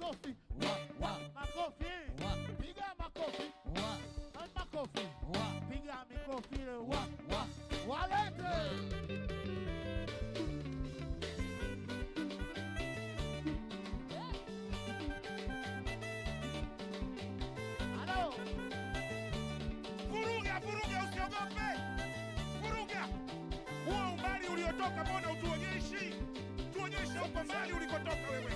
makofi makofi, piga makofi, al makofi, piga mikofi ile wa walete Toka mbona utuonyeshi, tuonyeshe uko mbali ulikotoka wewe.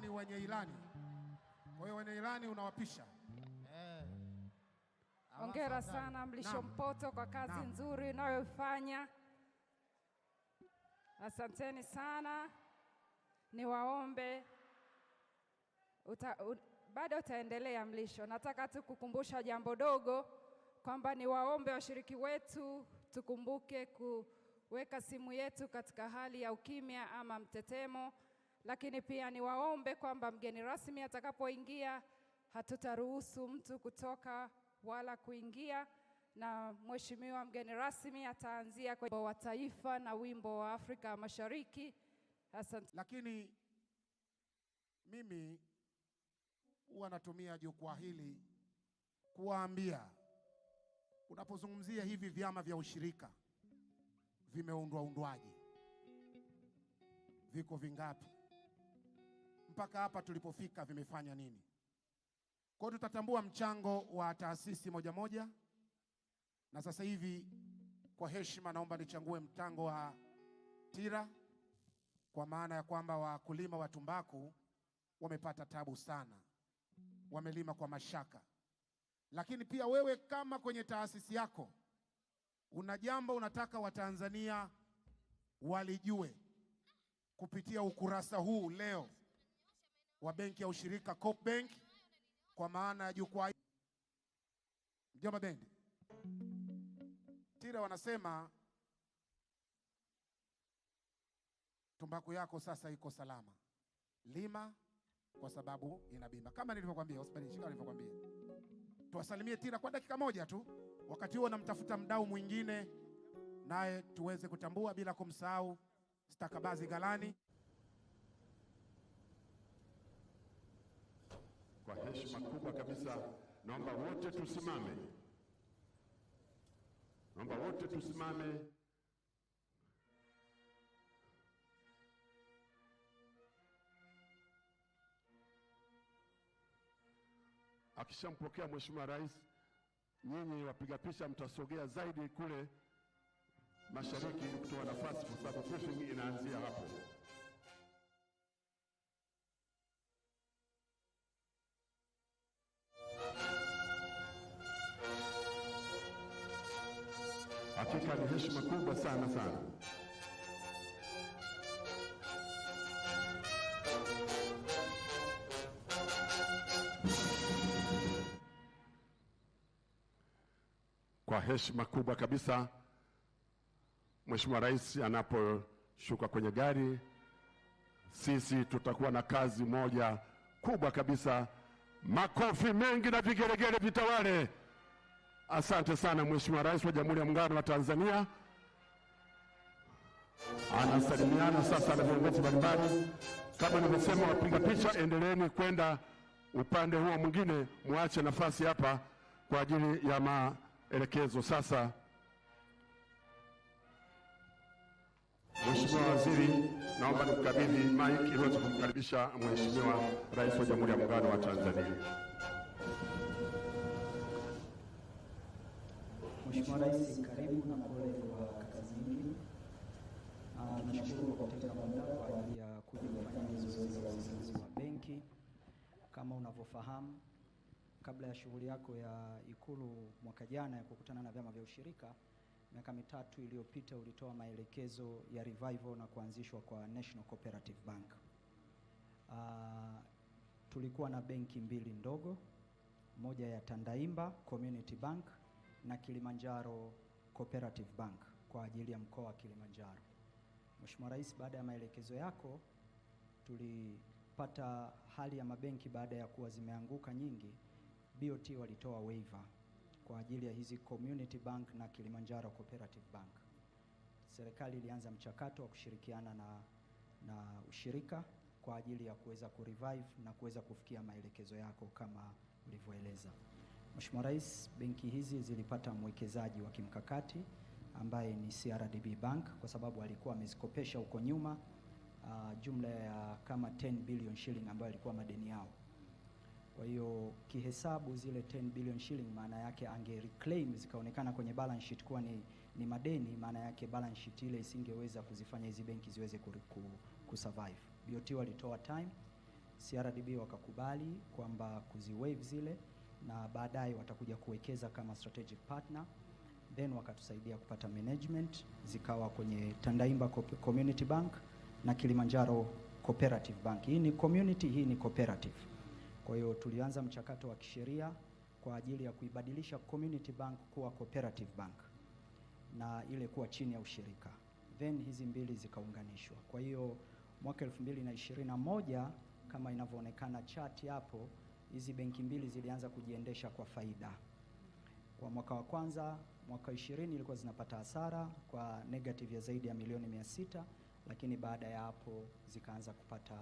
ni wenye ilani, kwa hiyo wenye ilani unawapisha. Eh. Hongera sana Mlisho Mpoto kwa kazi Naam. nzuri unayoifanya. Asanteni sana, niwaombe uta, bado utaendelea Mlisho. Nataka tu kukumbusha jambo dogo kwamba niwaombe washiriki wetu tukumbuke kuweka simu yetu katika hali ya ukimya ama mtetemo lakini pia niwaombe kwamba mgeni rasmi atakapoingia, hatutaruhusu mtu kutoka wala kuingia, na mheshimiwa mgeni rasmi ataanzia kwa wimbo wa taifa na wimbo wa Afrika Mashariki. Asante. Lakini mimi huwa natumia jukwaa hili kuwaambia, unapozungumzia hivi vyama vya ushirika vimeundwa undwaji, viko vingapi? mpaka hapa tulipofika vimefanya nini. Kwa hiyo tutatambua mchango wa taasisi moja moja, na sasa hivi kwa heshima naomba nichangue mchango wa TIRA kwa maana ya kwamba wakulima wa tumbaku wamepata tabu sana, wamelima kwa mashaka. Lakini pia wewe kama kwenye taasisi yako una jambo unataka Watanzania walijue kupitia ukurasa huu leo wa benki ya ushirika Coop Bank kwa maana ya jukwaa mjomba bendi tira wanasema tumbaku yako sasa iko salama, lima kwa sababu ina bima. Kama nilivyokuambia hospitali shika nilivyokuambia, tuwasalimie tira kwa dakika moja tu, wakati huo namtafuta mdau mwingine naye tuweze kutambua bila kumsahau stakabazi galani Kwa heshima kubwa kabisa, naomba wote tusimame, naomba wote tusimame. Akishampokea Mheshimiwa Rais, nyinyi wapiga picha mtasogea zaidi kule mashariki kutoa nafasi, kwa sababu pushing inaanzia hapo. Hakika ni heshima kubwa sana sana. Kwa heshima kubwa kabisa, Mheshimiwa Rais anaposhuka kwenye gari, sisi tutakuwa na kazi moja kubwa kabisa. Makofi mengi na vigelegele vitawale. Asante sana Mheshimiwa Rais wa Jamhuri ya Muungano wa Tanzania. Anasalimiana sasa na viongozi mbalimbali. Kama nilivyosema, wapiga picha, endeleeni kwenda upande huo mwingine, muache nafasi hapa kwa ajili ya maelekezo. Sasa Mheshimiwa Waziri, naomba nikukabidhi maiki ili uweze kumkaribisha Mheshimiwa Rais wa Jamhuri ya Muungano wa Tanzania. Mheshimiwa Rais, karibu na pole kwa kazi nyingi. Tunashukuru ah, kwa kutenga muda kwa ajili ya kuja kufanya zoezi la uzinduzi wa benki. Kama unavyofahamu, kabla ya shughuli yako ya Ikulu mwaka jana ya kukutana na vyama vya ushirika, miaka mitatu iliyopita ulitoa maelekezo ya revival na kuanzishwa kwa National Cooperative Bank. Uh, tulikuwa na benki mbili ndogo, moja ya Tandaimba Community Bank na Kilimanjaro Cooperative Bank kwa ajili ya mkoa wa Kilimanjaro. Mheshimiwa Rais, baada ya maelekezo yako tulipata hali ya mabenki baada ya kuwa zimeanguka nyingi, BOT walitoa waiver kwa ajili ya hizi Community Bank na Kilimanjaro Cooperative Bank. Serikali ilianza mchakato wa kushirikiana na, na ushirika kwa ajili ya kuweza kurevive na kuweza kufikia maelekezo yako kama ulivyoeleza. Mheshimiwa Rais, benki hizi zilipata mwekezaji wa kimkakati ambaye ni CRDB Bank kwa sababu alikuwa amezikopesha huko nyuma uh, jumla ya kama 10 billion shilling ambayo alikuwa madeni yao. Kwa hiyo kihesabu zile 10 billion shilling maana yake ange reclaim zikaonekana kwenye balance sheet kuwa ni, ni madeni, maana yake balance sheet ile isingeweza kuzifanya hizi benki ziweze kusurvive. BOT walitoa time, CRDB wakakubali kwamba kuziwave zile na baadaye watakuja kuwekeza kama strategic partner, then wakatusaidia kupata management zikawa kwenye Tandaimba Community Bank na Kilimanjaro Cooperative Bank. Hii ni community, hii ni cooperative. Kwa hiyo tulianza mchakato wa kisheria kwa ajili ya kuibadilisha community bank kuwa cooperative bank na ile kuwa chini ya ushirika, then hizi mbili zikaunganishwa. Kwa hiyo mwaka 2021 kama inavyoonekana chati hapo hizi benki mbili zilianza kujiendesha kwa faida. Kwa mwaka wa kwanza, mwaka 20 ilikuwa zinapata hasara kwa negative ya zaidi ya milioni mia sita, lakini baada ya hapo zikaanza kupata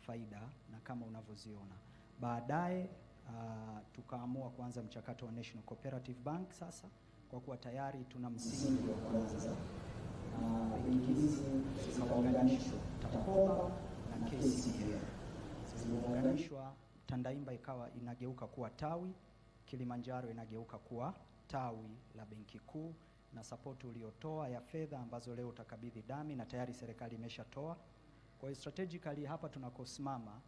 faida na kama unavyoziona baadaye. Uh, tukaamua kuanza mchakato wa National Cooperative Bank sasa kwa kuwa tayari tuna msingi ah, benki hizi zikaunganishwa TACOPA na KCB ziliunganishwa Tandaimba ikawa inageuka kuwa tawi, Kilimanjaro inageuka kuwa tawi la benki kuu, na sapoti uliotoa ya fedha ambazo leo utakabidhi dami na tayari serikali imeshatoa. Kwa hiyo strategically hapa tunakosimama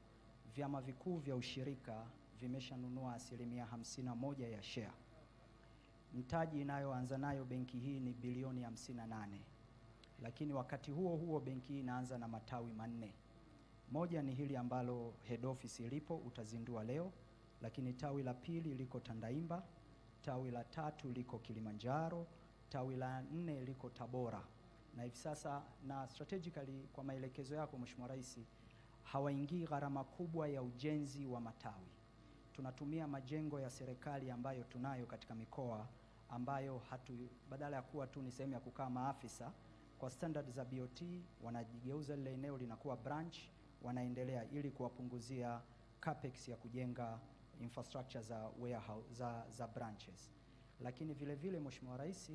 vyama vikuu vya ushirika vimeshanunua asilimia hamsini na moja ya share. Mtaji inayoanza nayo benki hii ni bilioni hamsini na nane, lakini wakati huo huo benki hii inaanza na matawi manne moja ni hili ambalo head office ilipo utazindua leo, lakini tawi la pili liko Tandaimba, tawi la tatu liko Kilimanjaro, tawi la nne liko Tabora na hivi sasa, na strategically kwa maelekezo yako Mheshimiwa Rais, hawaingii gharama kubwa ya ujenzi wa matawi. Tunatumia majengo ya serikali ambayo tunayo katika mikoa ambayo hatu, badala ya kuwa tu ni sehemu ya kukaa maafisa kwa standard za BOT wanajigeuza lile eneo linakuwa branch wanaendelea ili kuwapunguzia capex ya kujenga infrastructure za warehouse, za, za branches. Lakini vile vile Mheshimiwa Rais,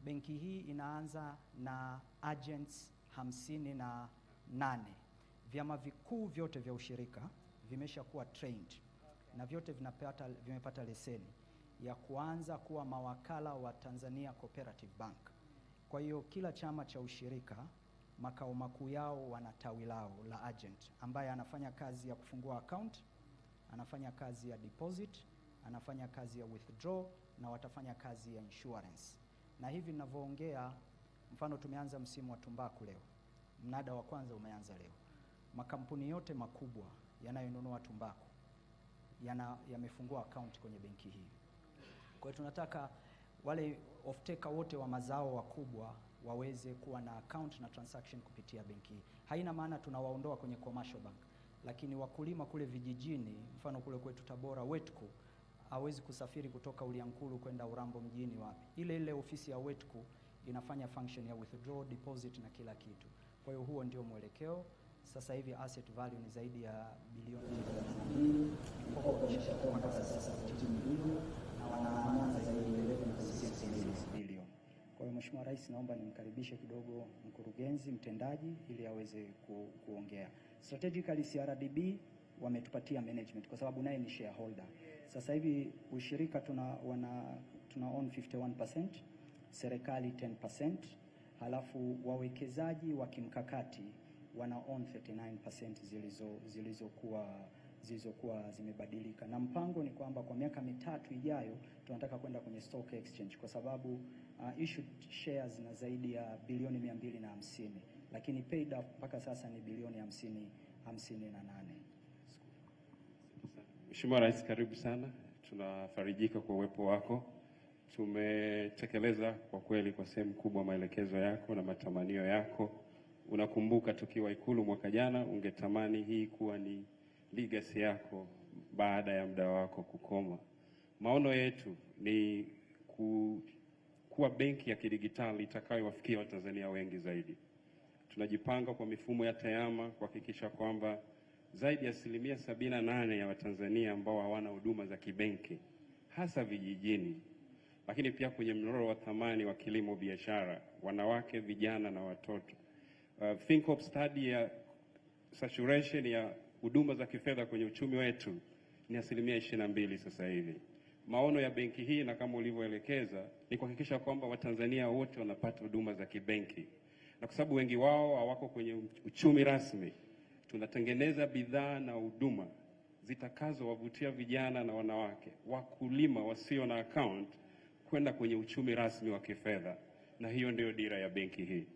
benki hii inaanza na agents hamsini na nane. Vyama vikuu vyote vya ushirika vimeshakuwa trained na vyote vinapata, vimepata leseni ya kuanza kuwa mawakala wa Tanzania Cooperative Bank. Kwa hiyo kila chama cha ushirika makao makuu yao wana tawi lao la agent ambaye anafanya kazi ya kufungua account, anafanya kazi ya deposit, anafanya kazi ya withdraw na watafanya kazi ya insurance. Na hivi ninavyoongea, mfano tumeanza msimu wa tumbaku leo, mnada wa kwanza umeanza leo. Makampuni yote makubwa yanayonunua tumbaku yana yamefungua account kwenye benki hii. Kwa hiyo tunataka wale ofteka wote wa mazao wakubwa waweze kuwa na account na transaction kupitia benki hii. Haina maana tunawaondoa kwenye commercial bank, lakini wakulima kule vijijini, mfano kule kwetu Tabora, Wetku hawezi kusafiri kutoka uliankulu kwenda Urambo mjini wapi, ile ile ofisi ya Wetku inafanya function ya withdraw, deposit na kila kitu. Kwa hiyo huo ndio mwelekeo sasa hivi asset value ni zaidi ya bilioni sasa na wana Mheshimiwa Rais, naomba nimkaribishe kidogo mkurugenzi mtendaji ili aweze ku, kuongea. Strategically CRDB wametupatia management kwa sababu naye ni shareholder. Sasa hivi ushirika tuna wana tuna own 51%, serikali 10%, halafu wawekezaji wa kimkakati wana own 39% zilizo zilizokuwa zilizokuwa zimebadilika, na mpango ni kwamba kwa miaka mitatu ijayo tunataka kwenda kwenye stock exchange kwa sababu uh, issued shares na zaidi ya bilioni mia mbili na hamsini lakini paid up mpaka sasa ni bilioni hamsini hamsini na nane. Mheshimiwa Rais, karibu sana, tunafarijika kwa uwepo wako. Tumetekeleza kwa kweli kwa sehemu kubwa maelekezo yako na matamanio yako. Unakumbuka tukiwa Ikulu mwaka jana, ungetamani hii kuwa ni legacy yako baada ya muda wako kukoma. Maono yetu ni ku, kuwa benki ya kidigitali itakayowafikia Watanzania wengi zaidi. Tunajipanga kwa mifumo ya tayama kuhakikisha kwamba zaidi ya asilimia sabini na nane ya Watanzania ambao hawana huduma za kibenki hasa vijijini, lakini pia kwenye mnyororo wa thamani wa kilimo biashara, wanawake, vijana na watoto. Uh, think of study ya saturation ya huduma za kifedha kwenye uchumi wetu ni asilimia ishirini na mbili sasa hivi. Maono ya benki hii na kama ulivyoelekeza ni kuhakikisha kwamba Watanzania wote wanapata huduma za kibenki, na kwa sababu wengi wao hawako kwenye uchumi rasmi, tunatengeneza bidhaa na huduma zitakazowavutia vijana na wanawake, wakulima wasio na account kwenda kwenye uchumi rasmi wa kifedha, na hiyo ndiyo dira ya benki hii.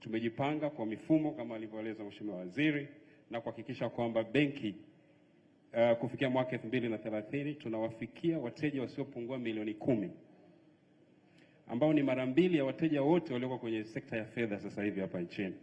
Tumejipanga kwa mifumo kama alivyoeleza Mheshimiwa Waziri na kuhakikisha kwamba benki uh, kufikia mwaka elfu mbili na thelathini tunawafikia wateja wasiopungua milioni kumi ambao ni mara mbili ya wateja wote walioko kwenye sekta ya fedha sasa hivi hapa nchini.